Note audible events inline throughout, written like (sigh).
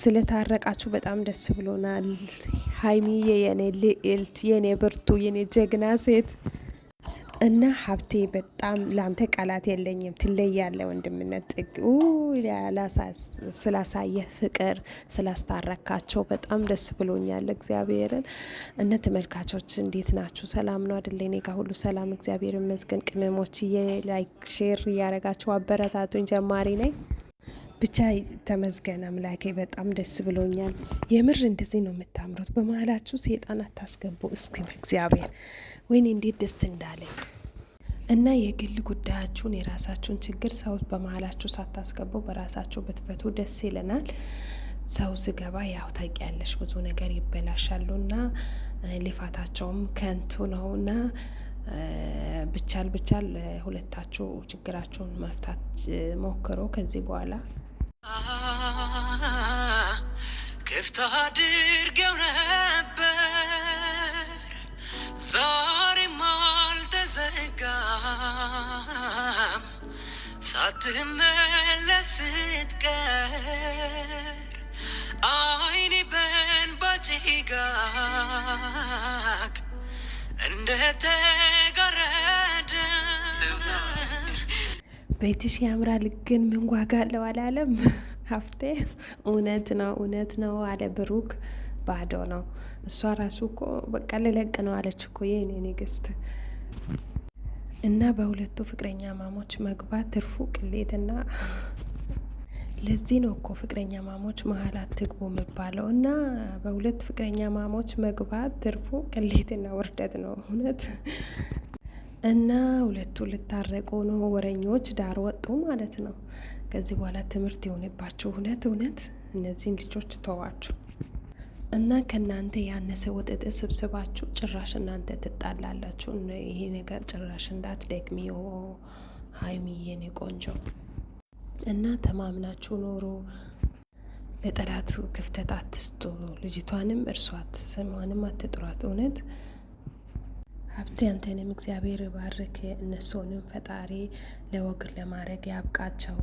ስለታረቃችሁ በጣም ደስ ብሎናል። ሀይሚዬ የኔ ልዕልት፣ የኔ ብርቱ፣ የኔ ጀግና ሴት እና ሀብቴ በጣም ለአንተ ቃላት የለኝም። ትለያለህ ወንድምነት ጥግ ስላሳየህ ፍቅር ስላስታረካቸው በጣም ደስ ብሎኛል። እግዚአብሔርን እነ ተመልካቾች እንዴት ናችሁ? ሰላም ነው አደለ? እኔ ጋር ሁሉ ሰላም፣ እግዚአብሔር ይመስገን። ቅመሞች ላይክ ሼር እያረጋችሁ አበረታቱኝ። ጀማሪ ነኝ ብቻ ተመዝገን አምላኬ፣ በጣም ደስ ብሎኛል። የምር እንደዚህ ነው የምታምሩት። በመሀላችሁ ሴጣን አታስገቡ እስኪ በእግዚአብሔር። ወይኔ እንዴት ደስ እንዳለኝ እና የግል ጉዳያችሁን የራሳችሁን ችግር ሰው በመሀላችሁ ሳታስገቡ በራሳችሁ ብትፈቱ ደስ ይለናል። ሰው ስገባ ያው ታውቂያለሽ ብዙ ነገር ይበላሻሉና ልፋታቸውም ከንቱ ነውና ብቻል ብቻል ሁለታችሁ ችግራችሁን መፍታት ሞክሮ ከዚህ በኋላ ክፍት አድርጌው ነበር ዛሬም አልተዘጋም። ሳትመለስ ስትቀር አይኔ በእንባ ጭጋግ እንደተጋረደ ቤትሽ ያምራል ግን ምን ዋጋ አለው አላለም (laughs) ሀፍቴ። እውነት ነው እውነት ነው አለ ብሩክ። ባዶ ነው። እሷ ራሱ እኮ በቃ ልለቅ ነው አለች እኮ የእኔ ንግስት። እና በሁለቱ ፍቅረኛ ማሞች መግባት ትርፉ ቅሌትና (laughs) ለዚህ ነው እኮ ፍቅረኛ ማሞች መሀል አትግቡ የሚባለው። እና በሁለት ፍቅረኛ ማሞች መግባት ትርፉ ቅሌትና ውርደት ነው እውነት እና ሁለቱ ልታረቁ ነው። ወረኞች ዳር ወጡ ማለት ነው። ከዚህ በኋላ ትምህርት የሆነባቸው እውነት እውነት እነዚህን ልጆች ተዋችሁ እና ከእናንተ ያነሰ ወጠጠ ስብስባችሁ ጭራሽ እናንተ ትጣላላችሁ። ይሄ ነገር ጭራሽ እንዳት ሀይሚ የኔ ቆንጆ እና ተማምናችሁ ኖሮ ለጠላት ክፍተት አትስጡ። ልጅቷንም እርሷት ስሟንም አትጥሯት እውነት ሀብቴ አንተንም እግዚአብሔር ባርክ፣ እነሱንም ፈጣሪ ለወግር ለማድረግ ያብቃቸው።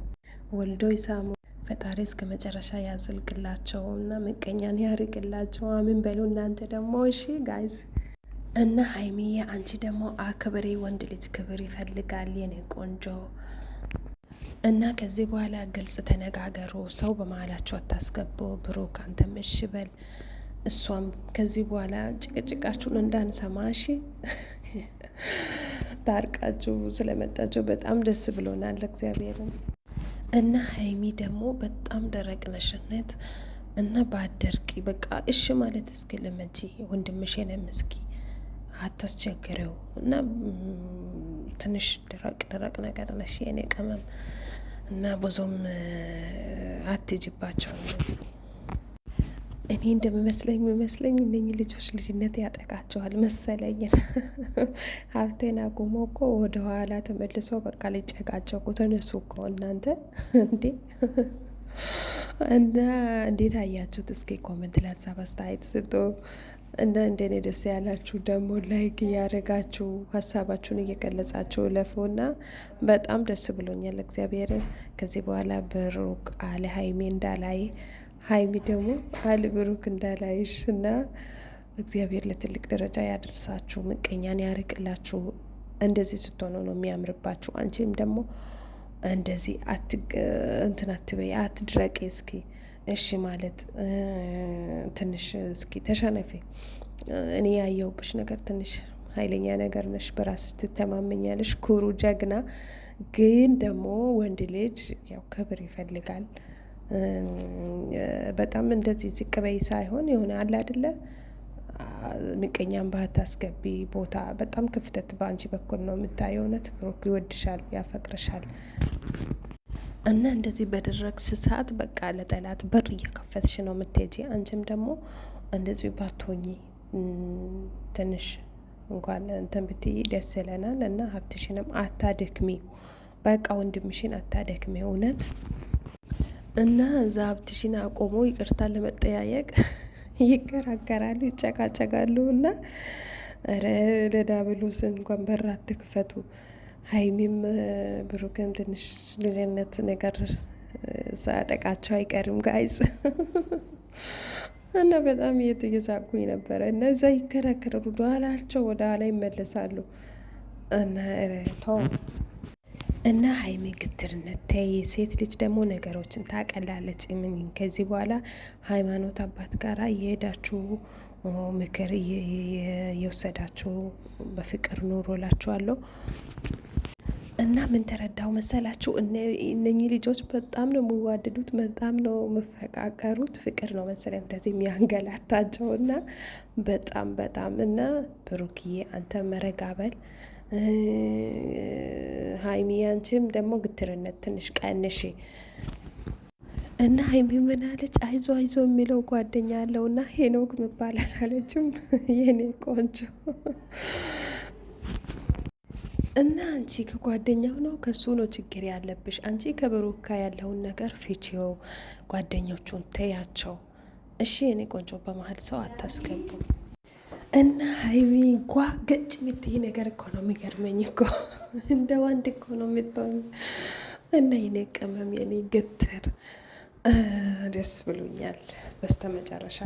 ወልዶ ይሳሙ ፈጣሪ እስከ መጨረሻ ያዘልቅላቸው እና ምቀኛን ያርቅላቸው። አሚን በሉ። እናንተ ደግሞ እሺ ጋይስ። እና ሀይሚዬ አንቺ ደግሞ አክብሪ። ወንድ ልጅ ክብር ይፈልጋል የኔ ቆንጆ። እና ከዚህ በኋላ ግልጽ ተነጋገሩ። ሰው በመሀላችሁ አታስገቡ። ብሩክ አንተም እሺ በል። እሷም ከዚህ በኋላ ጭቅጭቃችሁን እንዳንሰማ እሺ። ታርቃችሁ ስለመጣችሁ በጣም ደስ ብሎናል። እግዚአብሔርን እና ሀይሚ ደግሞ በጣም ደረቅ ነሽነት እና በአደርቂ በቃ እሺ ማለት እስኪ ልመጂ ወንድምሽንም እስኪ አታስቸግረው እና ትንሽ ደረቅ ደረቅ ነገር ነሽ የኔ ቅመም እና ብዙም አትጅባቸው እነዚህ እኔ እንደሚመስለኝ የሚመስለኝ እነኝ ልጆች ልጅነት ያጠቃቸዋል መሰለኝን። (laughs) ሀብቴን አቁሞ እኮ ወደ ኋላ ተመልሶ በቃ ልጨቃጨቁ ተነሱ እኮ እናንተ (laughs) እንዴ! (laughs) እና እንዴት አያችሁት? እስኪ ኮመንት ላይ አስተያየት ስጡ። እና እንደኔ ደስ ያላችሁ ደግሞ ላይክ እያደረጋችሁ ሀሳባችሁን እየገለጻችሁ ለፉና በጣም ደስ ብሎኛል። እግዚአብሔርን ከዚህ በኋላ ብሩክ አለ ሀይሜ እንዳላይ ሀይሚ ደግሞ አል እንዳላይሽ እና እግዚአብሔር ለትልቅ ደረጃ ያደርሳችሁ፣ ምቀኛን ያርቅላችሁ። እንደዚህ ስትሆኑ ነው የሚያምርባችሁ። አንቺም ደግሞ እንደዚህ እንትን አትበይ፣ አትድረቂ። እስኪ እሺ ማለት ትንሽ እስኪ ተሸነፊ። እኔ ያየሁብሽ ነገር ትንሽ ኃይለኛ ነገር ነሽ። በራስሽ ትተማመኛለሽ። ኩሩ ጀግና። ግን ደግሞ ወንድ ልጅ ያው ክብር ይፈልጋል። በጣም እንደዚህ ዝቅ በይ ሳይሆን የሆነ አለ አይደለ ምቀኛም ባህት አስገቢ ቦታ በጣም ክፍተት በአንቺ በኩል ነው የምታየው። እውነት ብሩክ ይወድሻል፣ ያፈቅርሻል እና እንደዚህ በደረግሽ ሰዓት በቃ ለጠላት በር እየከፈትሽ ነው የምትሄጂ። አንቺም ደግሞ እንደዚህ ባትሆኚ ትንሽ እንኳን እንትን ብትይ ደስ ይለናል። እና ሀብትሽንም አታደክሚ፣ በቃ ወንድምሽን አታደክሚ እውነት እና እዛ ሀብትሽን አቆሞ ይቅርታ ለመጠያየቅ (laughs) ይገራገራሉ፣ ይጨቃጨቃሉ። እና ኧረ ለዳብሎስ እንኳን በር አትክፈቱ። ሀይሚም ብሩክም ትንሽ ልጅነት ነገር ሳያጠቃቸው አይቀርም ጋይዝ (laughs) እና በጣም እየተሳቅኩኝ ነበረ። እና እዛ ይከራከራሉ፣ ወደኋላቸው ወደ ኋላ ይመለሳሉ እና ኧረ ተው እና ሀይሚ ግትርነት ተይ። ሴት ልጅ ደግሞ ነገሮችን ታቀላለች። ምን ከዚህ በኋላ ሃይማኖት አባት ጋር እየሄዳችሁ ምክር እየወሰዳችሁ በፍቅር ኑሮ ላችኋለሁ። እና ምን ተረዳው መሰላችሁ? እነኚህ ልጆች በጣም ነው የሚዋደዱት፣ በጣም ነው የሚፈቃቀሩት። ፍቅር ነው መሰለኝ እንደዚህ የሚያንገላታቸው እና በጣም በጣም እና ብሩክዬ አንተ መረጋበል ሀይሚ ያንቺም ደግሞ ግትርነት ትንሽ ቀንሺ እና ሀይሚ ምን አለች? አይዞ አይዞ የሚለው ጓደኛ አለው እና ሄኖክ ምባላል አለችም የኔ ቆንጆ እና አንቺ ከጓደኛው ነው ከሱ ነው ችግር ያለብሽ። አንቺ ከብሩካ ያለውን ነገር ፊቺው ጓደኞቹን ተያቸው እሺ፣ የኔ ቆንጆ በመሀል ሰው አታስገቡ። እና ሀይሚ ጓ ገጭ የምትይ ነገር እኮ ነው የሚገርመኝ። እኮ እንደ ወንድ እኮ ነው የምትሆኝ። እና የኔ ቅመም የኔ ግትር ደስ ብሎኛል። በስተ መጨረሻ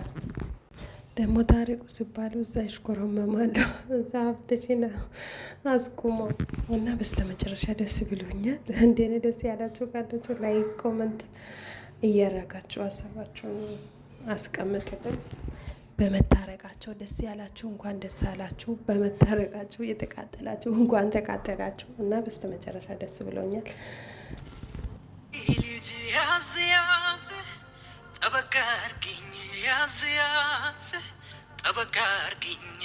ደግሞ ታሪቁ ሲባሉ እዛ ይሽኮረመማሉ እዛ ሀብትሽን አስቁሞ እና በስተ መጨረሻ ደስ ብሎኛል። እንዴነ ደስ ያላቸው ካላችሁ ላይ ኮመንት እያረጋችሁ ሀሳባችሁን አስቀምጡልን። በመታረቃቸው ደስ ያላችሁ እንኳን ደስ አላችሁ፣ በመታረቃችሁ የተቃጠላችሁ እንኳን ተቃጠላችሁ እና በስተ መጨረሻ ደስ ብሎኛል። ጠበቃርጊኛ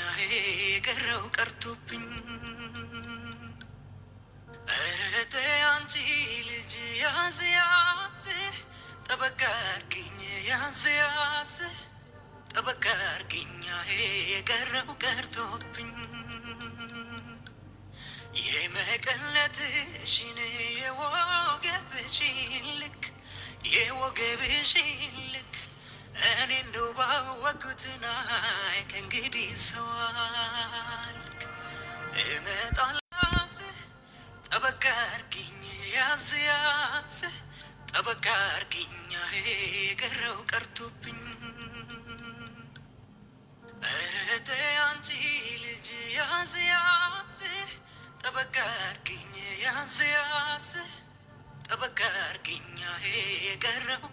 የገረው ቀርቶብኝ እርህተ አንቺ ልጅ ያዝ ያዝ ጠበቃርጊኝ ያዝ ያዝ በቃ እርግኛ የቀረው ቀርቶብኝ የመቀለትሽን የወገብሽን ልክ የወገብሽን ልክ እኔ እንደው ባወኩትና ከእንግዲህ ሰው አልክ ጠበቃ እርግኝ ያዝ ያዝ ጠበቃ እርግኛ የቀረው ቀርቶብኝ እህቴ አንቺ ልጅ ያዝ ያዝ ጠበቅ አድርጊኝ ያዝ ያዝ ጠበቅ አድርጊኝ የቀረው